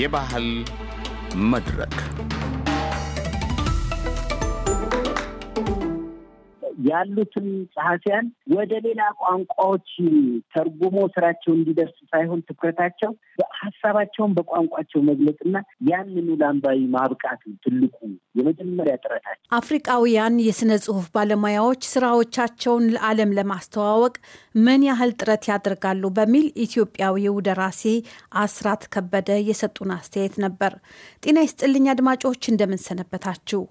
የባህል መድረክ ያሉትን ጸሐፊያን ወደ ሌላ ቋንቋዎች ተርጉሞ ስራቸው እንዲደርስ ሳይሆን ትኩረታቸው ሀሳባቸውን በቋንቋቸው መግለጽና ያንኑ ለአንባቢ ማብቃት ትልቁ የመጀመሪያ ጥረታቸው። አፍሪቃውያን የስነ ጽሁፍ ባለሙያዎች ስራዎቻቸውን ለዓለም ለማስተዋወቅ ምን ያህል ጥረት ያደርጋሉ በሚል ኢትዮጵያዊው ደራሲ አስራት ከበደ የሰጡን አስተያየት ነበር። ጤና ይስጥልኝ አድማጮች እንደምንሰነበታችሁ።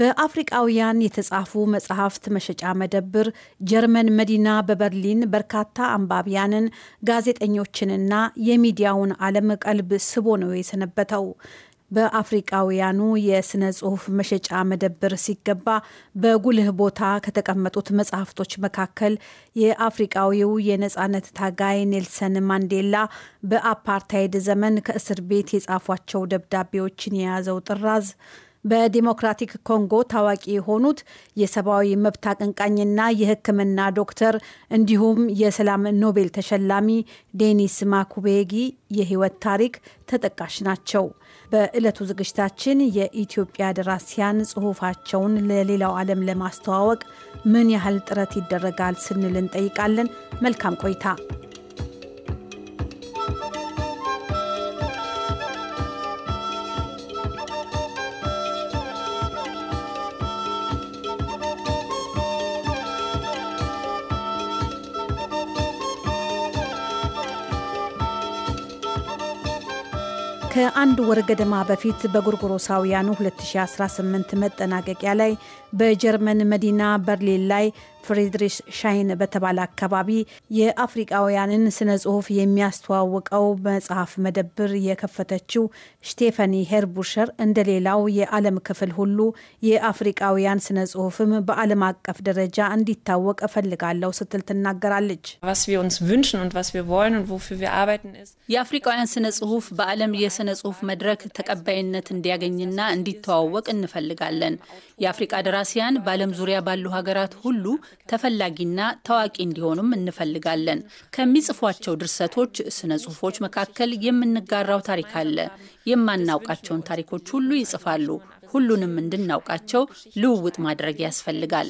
በአፍሪቃውያን የተጻፉ መጽሐፍት መሸጫ መደብር ጀርመን መዲና በበርሊን በርካታ አንባቢያንን ጋዜጠኞችንና የሚዲያውን ዓለም ቀልብ ስቦ ነው የሰነበተው። በአፍሪቃውያኑ የስነ ጽሑፍ መሸጫ መደብር ሲገባ በጉልህ ቦታ ከተቀመጡት መጽሐፍቶች መካከል የአፍሪቃዊው የነጻነት ታጋይ ኔልሰን ማንዴላ በአፓርታይድ ዘመን ከእስር ቤት የጻፏቸው ደብዳቤዎችን የያዘው ጥራዝ በዲሞክራቲክ ኮንጎ ታዋቂ የሆኑት የሰብአዊ መብት አቀንቃኝና የሕክምና ዶክተር እንዲሁም የሰላም ኖቤል ተሸላሚ ዴኒስ ማኩቤጊ የህይወት ታሪክ ተጠቃሽ ናቸው። በዕለቱ ዝግጅታችን የኢትዮጵያ ደራሲያን ጽሑፋቸውን ለሌላው ዓለም ለማስተዋወቅ ምን ያህል ጥረት ይደረጋል ስንል እንጠይቃለን። መልካም ቆይታ። ከአንድ ወር ገደማ በፊት በጎርጎሮሳውያኑ 2018 መጠናቀቂያ ላይ በጀርመን መዲና በርሊን ላይ ፍሪድሪሽ ሻይን በተባለ አካባቢ የአፍሪቃውያንን ስነ ጽሁፍ የሚያስተዋውቀው መጽሐፍ መደብር የከፈተችው ስቴፈኒ ሄርቡሸር እንደሌላው የዓለም ክፍል ሁሉ የአፍሪቃውያን ስነ ጽሁፍም በዓለም አቀፍ ደረጃ እንዲታወቅ እፈልጋለሁ ስትል ትናገራለች። የአፍሪቃውያን ስነ ጽሁፍ በዓለም የስነ ጽሁፍ መድረክ ተቀባይነት እንዲያገኝና እንዲተዋወቅ እንፈልጋለን። የአፍሪቃ ደራሲያን በዓለም ዙሪያ ባሉ ሀገራት ሁሉ ተፈላጊና ታዋቂ እንዲሆኑም እንፈልጋለን። ከሚጽፏቸው ድርሰቶች፣ ስነ ጽሁፎች መካከል የምንጋራው ታሪክ አለ። የማናውቃቸውን ታሪኮች ሁሉ ይጽፋሉ። ሁሉንም እንድናውቃቸው ልውውጥ ማድረግ ያስፈልጋል።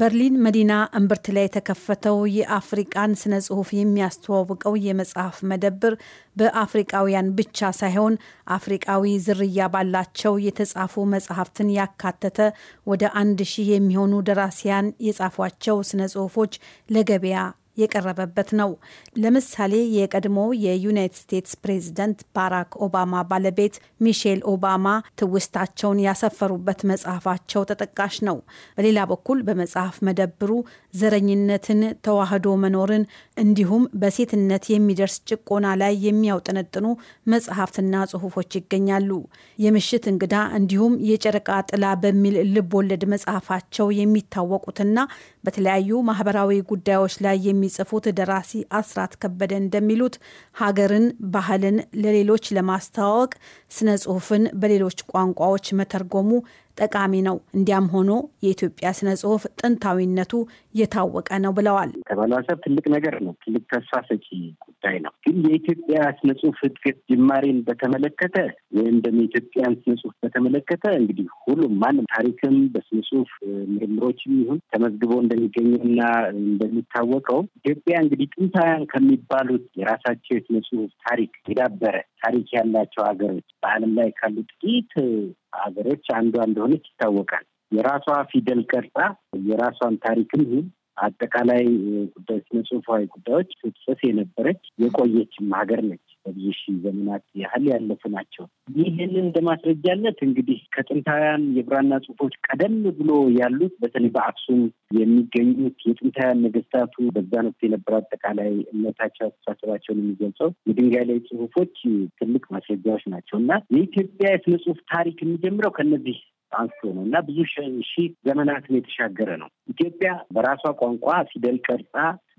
በርሊን መዲና እምብርት ላይ የተከፈተው የአፍሪቃን ስነ ጽሁፍ የሚያስተዋውቀው የመጽሐፍ መደብር በአፍሪቃውያን ብቻ ሳይሆን አፍሪቃዊ ዝርያ ባላቸው የተጻፉ መጽሐፍትን ያካተተ ወደ አንድ ሺህ የሚሆኑ ደራሲያን የጻፏቸው ስነ ጽሁፎች ለገበያ የቀረበበት ነው። ለምሳሌ የቀድሞ የዩናይትድ ስቴትስ ፕሬዚደንት ባራክ ኦባማ ባለቤት ሚሼል ኦባማ ትውስታቸውን ያሰፈሩበት መጽሐፋቸው ተጠቃሽ ነው። በሌላ በኩል በመጽሐፍ መደብሩ ዘረኝነትን፣ ተዋህዶ መኖርን እንዲሁም በሴትነት የሚደርስ ጭቆና ላይ የሚያውጠነጥኑ መጽሐፍትና ጽሁፎች ይገኛሉ። የምሽት እንግዳ እንዲሁም የጨረቃ ጥላ በሚል ልብ ወለድ መጽሐፋቸው የሚታወቁትና በተለያዩ ማህበራዊ ጉዳዮች ላይ የሚ የሚጽፉት ደራሲ አስራት ከበደ እንደሚሉት ሀገርን፣ ባህልን ለሌሎች ለማስተዋወቅ ስነ ጽሁፍን በሌሎች ቋንቋዎች መተርጎሙ ጠቃሚ ነው። እንዲያም ሆኖ የኢትዮጵያ ስነ ጽሁፍ ጥንታዊነቱ የታወቀ ነው ብለዋል። ተባለ ትልቅ ነገር ነው። ትልቅ ተስፋ ሰጪ ጉዳይ ነው። ግን የኢትዮጵያ ስነ ጽሁፍ እድገት ጅማሬን በተመለከተ ወይም ደግሞ የኢትዮጵያን ስነ ጽሁፍ በተመለከተ እንግዲህ ሁሉም ማንም ታሪክም በስነ ጽሁፍ ምርምሮችም ይሁን ተመዝግቦ እንደሚገኘውና እንደሚታወቀው ኢትዮጵያ እንግዲህ ጥንታውያን ከሚባሉት የራሳቸው የስነ ጽሁፍ ታሪክ የዳበረ ታሪክ ያላቸው ሀገሮች በዓለም ላይ ካሉ ጥቂት ሀገሮች አንዷ እንደሆነች ይታወቃል። የራሷ ፊደል ቀርጻ የራሷን ታሪክም ይሁን አጠቃላይ ጉዳዮች መጽሁፋዊ ጉዳዮች ስትጽፍ የነበረች የቆየችም ሀገር ነች። በብዙ ዘመናት ያህል ያለፉ ናቸው። ይህንን እንደማስረጃነት እንግዲህ ከጥንታውያን የብራና ጽሁፎች ቀደም ብሎ ያሉት በተለይ በአክሱም የሚገኙት የጥንታውያን ነገስታቱ በዛ ወቅት የነበረ አጠቃላይ እምነታቸው፣ አስተሳሰባቸውን የሚገልጸው የድንጋይ ላይ ጽሁፎች ትልቅ ማስረጃዎች ናቸው እና የኢትዮጵያ የስነ ጽሁፍ ታሪክ የሚጀምረው ከነዚህ አንስቶ ነው እና ብዙ ሺህ ዘመናትን የተሻገረ ነው። ኢትዮጵያ በራሷ ቋንቋ ፊደል ቀርጻ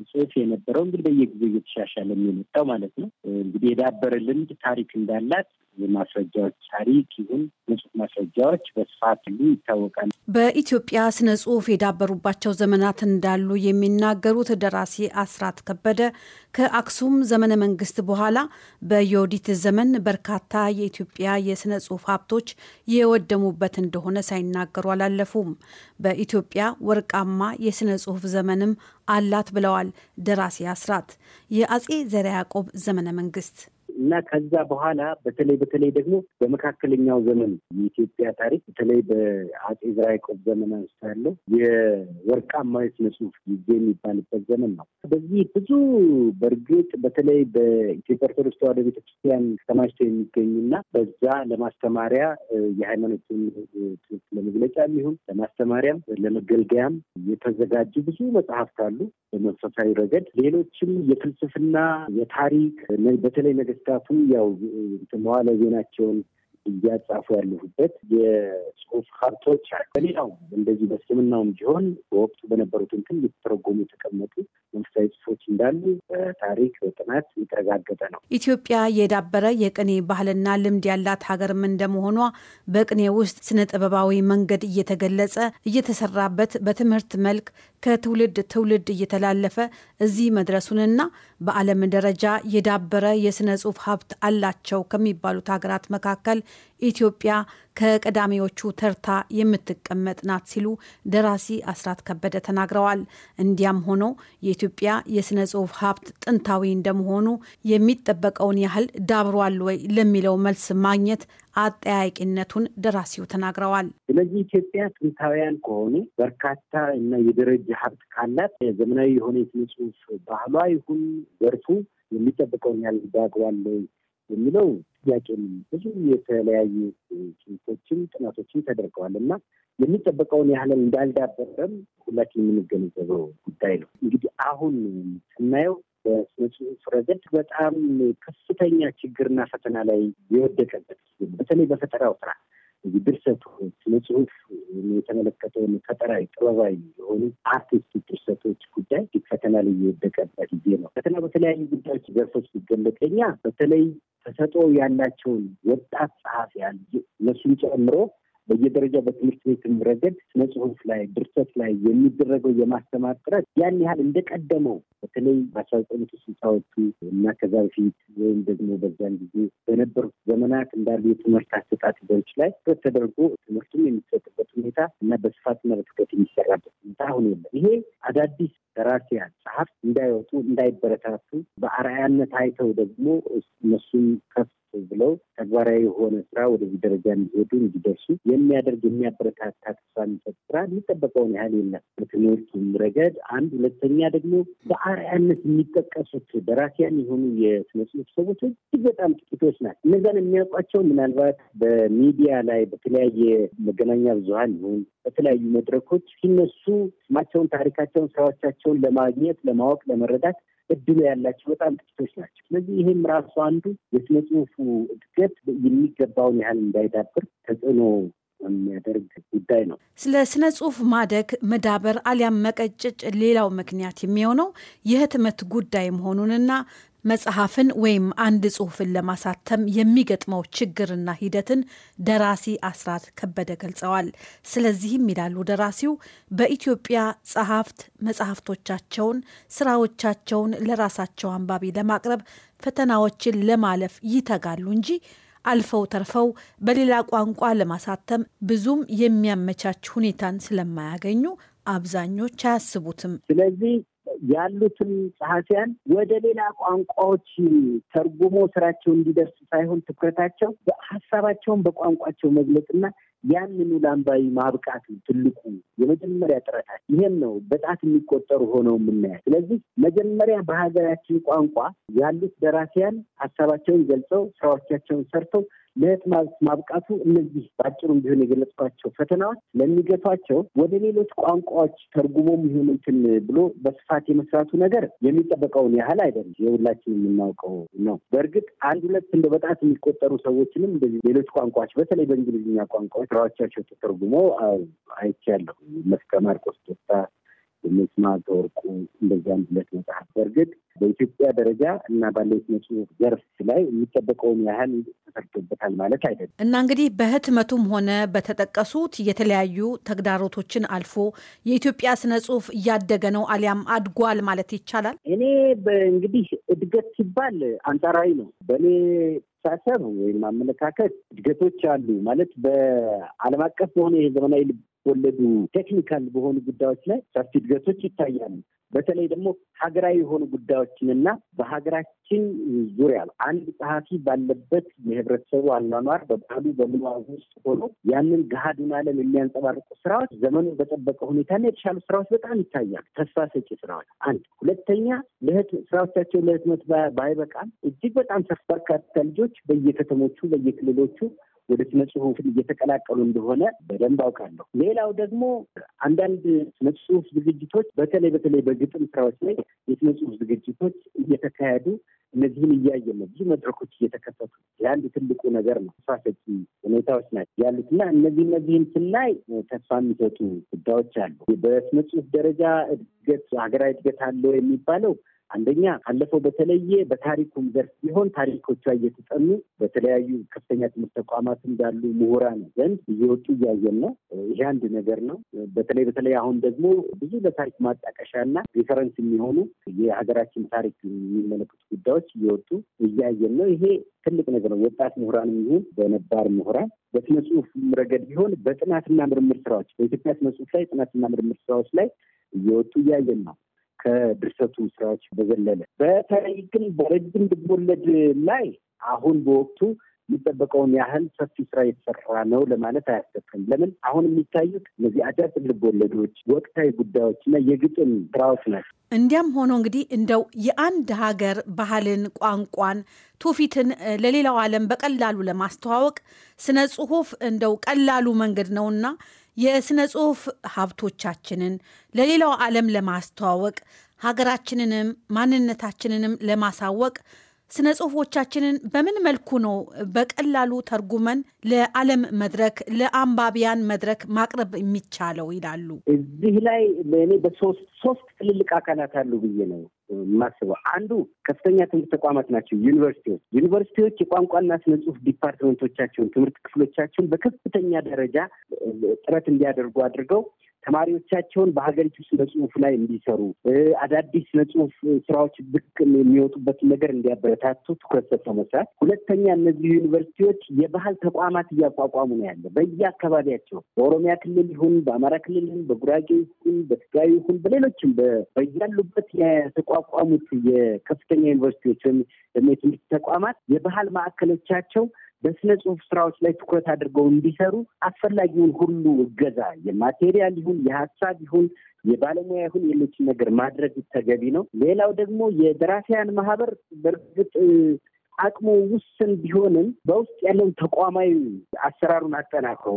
ጽሁፍ የነበረው እንግዲህ በየጊዜው እየተሻሻለ የሚመጣው ማለት ነው። እንግዲህ የዳበረ ልምድ ታሪክ እንዳላት የማስረጃዎች ታሪክ ይሁን የጽሁፍ ማስረጃዎች በስፋት ሁሉ ይታወቃል። በኢትዮጵያ ስነ ጽሁፍ የዳበሩባቸው ዘመናት እንዳሉ የሚናገሩት ደራሲ አስራት ከበደ ከአክሱም ዘመነ መንግስት በኋላ በዮዲት ዘመን በርካታ የኢትዮጵያ የስነ ጽሁፍ ሀብቶች የወደሙበት እንደሆነ ሳይናገሩ አላለፉም። በኢትዮጵያ ወርቃማ የስነ ጽሁፍ ዘመንም አላት ብለዋል ደራሲ አስራት የአጼ ዘረ ያዕቆብ ዘመነ መንግስት እና ከዛ በኋላ በተለይ በተለይ ደግሞ በመካከለኛው ዘመን የኢትዮጵያ ታሪክ በተለይ በአጼ ዘርዓያዕቆብ ዘመን አንስቶ ያለው የወርቃማዊ ስነ ጽሁፍ ጊዜ የሚባልበት ዘመን ነው። በዚህ ብዙ በእርግጥ በተለይ በኢትዮጵያ ኦርቶዶክስ ተዋህዶ ቤተክርስቲያን የሚገኙ የሚገኙና በዛ ለማስተማሪያ የሃይማኖትን ትምህርት ለመግለጫ የሚሆን ለማስተማሪያም ለመገልገያም የተዘጋጁ ብዙ መጽሐፍት አሉ። በመንፈሳዊ ረገድ ሌሎችም የፍልስፍና የታሪክ በተለይ ነገስታ መንግስታቱም ያው መዋለ ዜናቸውን እያጻፉ ያለሁበት የጽሁፍ ሀብቶች አሉ። በሌላው እንደዚህ በእስልምናውም ቢሆን በወቅቱ በነበሩት እንትን የተተረጎሙ የተቀመጡ መንፈሳዊ ጽሁፎች እንዳሉ በታሪክ በጥናት የተረጋገጠ ነው። ኢትዮጵያ የዳበረ የቅኔ ባህልና ልምድ ያላት ሀገርም እንደመሆኗ በቅኔ ውስጥ ስነ ጥበባዊ መንገድ እየተገለጸ እየተሰራበት በትምህርት መልክ ከትውልድ ትውልድ እየተላለፈ እዚህ መድረሱንና በዓለም ደረጃ የዳበረ የስነ ጽሁፍ ሀብት አላቸው ከሚባሉት ሀገራት መካከል ኢትዮጵያ ከቀዳሚዎቹ ተርታ የምትቀመጥ ናት ሲሉ ደራሲ አስራት ከበደ ተናግረዋል። እንዲያም ሆኖ የኢትዮጵያ የሥነ ጽሑፍ ሀብት ጥንታዊ እንደመሆኑ የሚጠበቀውን ያህል ዳብሯል ወይ ለሚለው መልስ ማግኘት አጠያቂነቱን ደራሲው ተናግረዋል። ስለዚህ ኢትዮጵያ ጥንታውያን ከሆኑ በርካታ እና የደረጀ ሀብት ካላት ዘመናዊ የሆነ የሥነ ጽሑፍ ባህሏ ይሁን ዘርፉ የሚጠበቀውን ያህል የሚለው ጥያቄ ብዙ የተለያዩ ጽሁፎችን፣ ጥናቶችን ተደርገዋል እና የሚጠበቀውን ያህል እንዳልዳበረም ሁላችን የምንገነዘበው ጉዳይ ነው። እንግዲህ አሁን ስናየው በስነ ጽሁፍ ረገድ በጣም ከፍተኛ ችግርና ፈተና ላይ የወደቀበት በተለይ በፈጠራው ስራ ድርሰቱ ስነ ጽሁፍ የተመለከተውን ፈጠራዊ ጥበባዊ የሆኑ አርቲስት ድርሰቶች ጉዳይ ፈተና ላይ የወደቀበት ጊዜ ነው። ፈተና በተለያዩ ጉዳዮች ዘርፎች ሲገለጠኛ በተለይ ተሰጦ ያላቸውን ወጣት ጸሐፊያን እነሱን ጨምሮ በየደረጃው በትምህርት ቤትም ረገድ ስነ ጽሁፍ ላይ ድርሰት ላይ የሚደረገው የማስተማር ጥረት ያን ያህል እንደቀደመው በተለይ በአስራ ዘጠኝ መቶ ስልሳዎቹ እና ከዛ በፊት ወይም ደግሞ በዛን ጊዜ በነበሩት ዘመናት እንዳሉ የትምህርት አሰጣጥ ዘሮች ላይ ትኩረት ተደርጎ ትምህርቱም የሚሰጥበት ሁኔታ እና በስፋትና በትኩረት የሚሰራበት ሁኔታ አሁን የለም። ይሄ አዳዲስ ደራሲያን ጸሐፍት እንዳይወጡ እንዳይበረታቱ፣ በአርአያነት አይተው ደግሞ እነሱም ከፍ አስብ ብለው ተግባራዊ የሆነ ስራ ወደዚህ ደረጃ እንዲሄዱ እንዲደርሱ የሚያደርግ የሚያበረታታ ተስፋ የሚሰጥ ስራ የሚጠበቀውን ያህል የለም በትምህርት ረገድ አንድ። ሁለተኛ ደግሞ በአርአያነት የሚጠቀሱት ደራሲያን የሆኑ የስነ ጽሁፍ ሰዎች እጅግ በጣም ጥቂቶች ናቸው። እነዛን የሚያውቋቸው ምናልባት በሚዲያ ላይ በተለያየ መገናኛ ብዙሀን ይሁን በተለያዩ መድረኮች ሲነሱ ስማቸውን፣ ታሪካቸውን፣ ስራዎቻቸውን ለማግኘት ለማወቅ፣ ለመረዳት እድሉ ያላቸው በጣም ጥቂቶች ናቸው። ስለዚህ ይህም ራሱ አንዱ የስነ ጽሁፉ እድገት የሚገባውን ያህል እንዳይዳብር ተጽዕኖ የሚያደርግ ጉዳይ ነው። ስለ ስነ ጽሁፍ ማደግ መዳበር አሊያም መቀጭጭ ሌላው ምክንያት የሚሆነው የህትመት ጉዳይ መሆኑንና መጽሐፍን ወይም አንድ ጽሑፍን ለማሳተም የሚገጥመው ችግርና ሂደትን ደራሲ አስራት ከበደ ገልጸዋል። ስለዚህም ይላሉ ደራሲው በኢትዮጵያ ጸሐፍት መጽሐፍቶቻቸውን፣ ስራዎቻቸውን ለራሳቸው አንባቢ ለማቅረብ ፈተናዎችን ለማለፍ ይተጋሉ እንጂ አልፈው ተርፈው በሌላ ቋንቋ ለማሳተም ብዙም የሚያመቻች ሁኔታን ስለማያገኙ አብዛኞች አያስቡትም። ስለዚህ ያሉትን ጸሐፊያን ወደ ሌላ ቋንቋዎች ተርጉሞ ስራቸው እንዲደርስ ሳይሆን ትኩረታቸው ሀሳባቸውን በቋንቋቸው መግለጽና ያንኑ ለአንባቢ ማብቃት ትልቁ የመጀመሪያ ጥረታችን። ይህም ነው በጣት የሚቆጠሩ ሆነው የምናያል። ስለዚህ መጀመሪያ በሀገራችን ቋንቋ ያሉት ደራሲያን ሀሳባቸውን ገልጸው ስራዎቻቸውን ሰርተው ለህት ማለት ማብቃቱ እነዚህ በአጭሩ ቢሆን የገለጽኳቸው ፈተናዎች ለሚገቷቸው ወደ ሌሎች ቋንቋዎች ተርጉሞም ይሁን እንትን ብሎ በስፋት የመስራቱ ነገር የሚጠበቀውን ያህል አይደለም። የሁላችን የምናውቀው ነው። በእርግጥ አንድ ሁለት እንደ በጣት የሚቆጠሩ ሰዎችንም እንደዚህ ሌሎች ቋንቋዎች በተለይ በእንግሊዝኛ ቋንቋዎች ስራዎቻቸው ተተርጉሞ አይቻለሁ። መስቀ ማርቆስ ደስታ መስማት ወርቁ እንደዚህ ሁለት መጽሐፍ በእርግጥ በኢትዮጵያ ደረጃ እና ባለው ስነ ጽሁፍ ዘርፍ ላይ የሚጠበቀውን ያህል ተሰርቶበታል ማለት አይደለም እና እንግዲህ በህትመቱም ሆነ በተጠቀሱት የተለያዩ ተግዳሮቶችን አልፎ የኢትዮጵያ ስነ ጽሁፍ እያደገ ነው አሊያም አድጓል ማለት ይቻላል። እኔ እንግዲህ እድገት ሲባል አንጻራዊ ነው። በእኔ ሳሰብ ወይም አመለካከት እድገቶች አሉ ማለት በዓለም አቀፍ በሆነ የዘመናዊ የሚወለዱ ቴክኒካል በሆኑ ጉዳዮች ላይ ሰፊ እድገቶች ይታያሉ። በተለይ ደግሞ ሀገራዊ የሆኑ ጉዳዮችንና በሀገራችን ዙሪያ አንድ ጸሐፊ ባለበት የህብረተሰቡ አኗኗር በባህሉ በምንዋዙ ውስጥ ሆኖ ያንን ገሃዱን ዓለም የሚያንጸባርቁ ስራዎች ዘመኑን በጠበቀ ሁኔታና የተሻሉ ስራዎች በጣም ይታያል። ተስፋ ሰጪ ስራዎች አንድ። ሁለተኛ ለህት ስራዎቻቸው ለህትመት ባይበቃም እጅግ በጣም በርካታ ልጆች በየከተሞቹ በየክልሎቹ ወደ ስነ ጽሁፍ እየተቀላቀሉ እንደሆነ በደንብ አውቃለሁ። ሌላው ደግሞ አንዳንድ ስነ ጽሁፍ ዝግጅቶች በተለይ በተለይ በግጥም ስራዎች ላይ የስነ ጽሁፍ ዝግጅቶች እየተካሄዱ እነዚህን እያየን ነው። ብዙ መድረኮች እየተከፈቱ የአንድ ትልቁ ነገር ነው። ተስፋ ሰጪ ሁኔታዎች ናቸው ያሉት እና እነዚህ እነዚህን ስናይ ተስፋ የሚሰጡ ጉዳዮች አሉ። በስነ ጽሁፍ ደረጃ እድገት ሀገራዊ እድገት አለው የሚባለው አንደኛ ካለፈው በተለየ በታሪኩም ዘርፍ ቢሆን ታሪኮቿ እየተጠኑ በተለያዩ ከፍተኛ ትምህርት ተቋማት እንዳሉ ምሁራን ዘንድ እየወጡ እያየን ነው። ይሄ አንድ ነገር ነው። በተለይ በተለይ አሁን ደግሞ ብዙ ለታሪክ ማጣቀሻ እና ሪፈረንስ የሚሆኑ የሀገራችን ታሪክ የሚመለከቱ ጉዳዮች እየወጡ እያየን ነው። ይሄ ትልቅ ነገር ነው። ወጣት ምሁራን ይሁን በነባር ምሁራን በስነ ጽሁፍ ረገድ ቢሆን በጥናትና ምርምር ስራዎች በኢትዮጵያ ስነ ጽሁፍ ላይ ጥናትና ምርምር ስራዎች ላይ እየወጡ እያየን ነው። ከድርሰቱ ስራዎች በዘለለ በተለይ ግን በረጅም ልቦለድ ላይ አሁን በወቅቱ የሚጠበቀውን ያህል ሰፊ ስራ የተሰራ ነው ለማለት አያስደፍርም። ለምን አሁን የሚታዩት እነዚህ አጫጭር ልቦለዶች፣ ወቅታዊ ጉዳዮች እና የግጥም ስራዎች ናቸው። እንዲያም ሆኖ እንግዲህ እንደው የአንድ ሀገር ባህልን፣ ቋንቋን፣ ትውፊትን ለሌላው ዓለም በቀላሉ ለማስተዋወቅ ስነ ጽሁፍ እንደው ቀላሉ መንገድ ነውና የሥነ ጽሑፍ ሀብቶቻችንን ለሌላው ዓለም ለማስተዋወቅ ሀገራችንንም ማንነታችንንም ለማሳወቅ ስነ ጽሁፎቻችንን በምን መልኩ ነው በቀላሉ ተርጉመን ለዓለም መድረክ ለአንባቢያን መድረክ ማቅረብ የሚቻለው ይላሉ። እዚህ ላይ እኔ በሶስት ሶስት ትልልቅ አካላት አሉ ብዬ ነው ማስበው አንዱ ከፍተኛ ትምህርት ተቋማት ናቸው፣ ዩኒቨርሲቲዎች። ዩኒቨርሲቲዎች የቋንቋና ስነ ጽሁፍ ዲፓርትመንቶቻቸውን፣ ትምህርት ክፍሎቻቸውን በከፍተኛ ደረጃ ጥረት እንዲያደርጉ አድርገው ተማሪዎቻቸውን በሀገሪቱ ስነ ጽሁፍ ላይ እንዲሰሩ አዳዲስ ስነ ጽሁፍ ስራዎች ብቅ የሚወጡበትን ነገር እንዲያበረታቱ ትኩረት ሰጥተው መስራት። ሁለተኛ እነዚህ ዩኒቨርሲቲዎች የባህል ተቋማት እያቋቋሙ ነው ያለ በየአካባቢያቸው በኦሮሚያ ክልል ይሁን በአማራ ክልል ይሁን በጉራጌ ይሁን በትግራይ ይሁን በሌሎችም በያሉበት የተቋቋሙት የከፍተኛ ዩኒቨርሲቲዎች ወይም የትምህርት ተቋማት የባህል ማዕከሎቻቸው በስነ ጽሁፍ ስራዎች ላይ ትኩረት አድርገው እንዲሰሩ አስፈላጊውን ሁሉ እገዛ የማቴሪያል ይሁን የሀሳብ ይሁን የባለሙያ ይሁን የሌሎችን ነገር ማድረግ ተገቢ ነው። ሌላው ደግሞ የደራሲያን ማህበር በእርግጥ አቅሙ ውስን ቢሆንም በውስጥ ያለውን ተቋማዊ አሰራሩን አጠናክሮ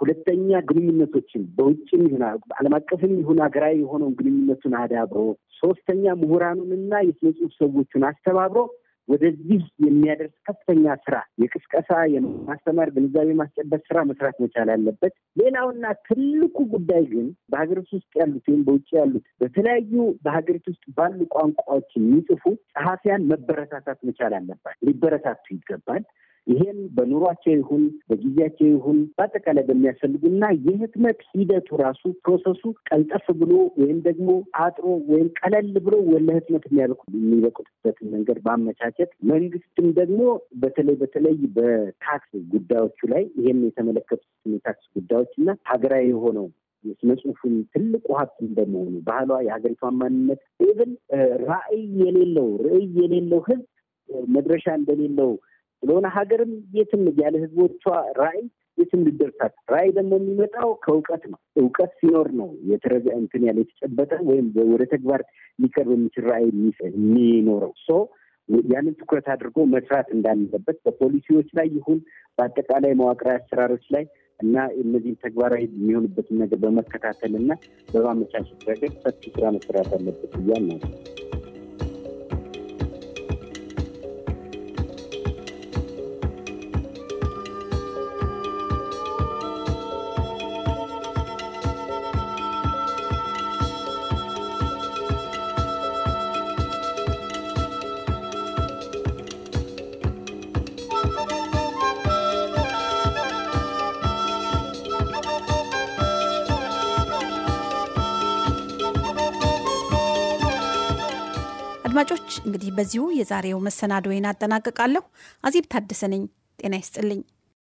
ሁለተኛ ግንኙነቶችን በውጭም ይሁን ዓለም አቀፍም ይሁን ሀገራዊ የሆነውን ግንኙነቱን አዳብሮ ሶስተኛ ምሁራኑንና የስነ ጽሁፍ ሰዎቹን አስተባብሮ ወደዚህ የሚያደርስ ከፍተኛ ስራ የቅስቀሳ የማስተማር ግንዛቤ ማስጨበት ስራ መስራት መቻል አለበት። ሌላውና ትልቁ ጉዳይ ግን በሀገሪቱ ውስጥ ያሉት ወይም በውጭ ያሉት በተለያዩ በሀገሪቱ ውስጥ ባሉ ቋንቋዎች የሚጽፉ ጸሐፊያን መበረታታት መቻል አለባት፣ ሊበረታቱ ይገባል። ይህም በኑሯቸው ይሁን በጊዜያቸው ይሁን በአጠቃላይ በሚያስፈልጉና የህትመት ሂደቱ ራሱ ፕሮሰሱ ቀልጠፍ ብሎ ወይም ደግሞ አጥሮ ወይም ቀለል ብሎ ወለ ህትመት የሚበቁትበትን መንገድ በአመቻቸት መንግስትም ደግሞ በተለይ በተለይ በታክስ ጉዳዮቹ ላይ ይህም የተመለከቱት የታክስ ጉዳዮች እና ሀገራዊ የሆነው የስነ ጽሁፉን ትልቁ ሀብት እንደመሆኑ ባህሏ፣ የሀገሪቷን ማንነት ኢቭን ራዕይ የሌለው ርዕይ የሌለው ህዝብ መድረሻ እንደሌለው ስለሆነ ሀገርም የትም ያለ ህዝቦቿ ራዕይ የትም ልደርሳት። ራዕይ ደግሞ የሚመጣው ከእውቀት ነው። እውቀት ሲኖር ነው የተረዘ እንትን ያለ የተጨበጠ ወይም ወደ ተግባር ሊቀርብ የሚችል ራዕይ የሚኖረው ሶ ያንን ትኩረት አድርጎ መስራት እንዳለበት በፖሊሲዎች ላይ ይሁን በአጠቃላይ መዋቅራዊ አሰራሮች ላይ እና እነዚህም ተግባራዊ የሚሆንበትን ነገር በመከታተል እና በማመቻቸት ረገድ ሰፊ ስራ መሰራት አለበት እያል ነው። እንግዲህ በዚሁ የዛሬው መሰናዶዬን አጠናቅቃለሁ። አዜብ ታደሰ ነኝ። ጤና ይስጥልኝ።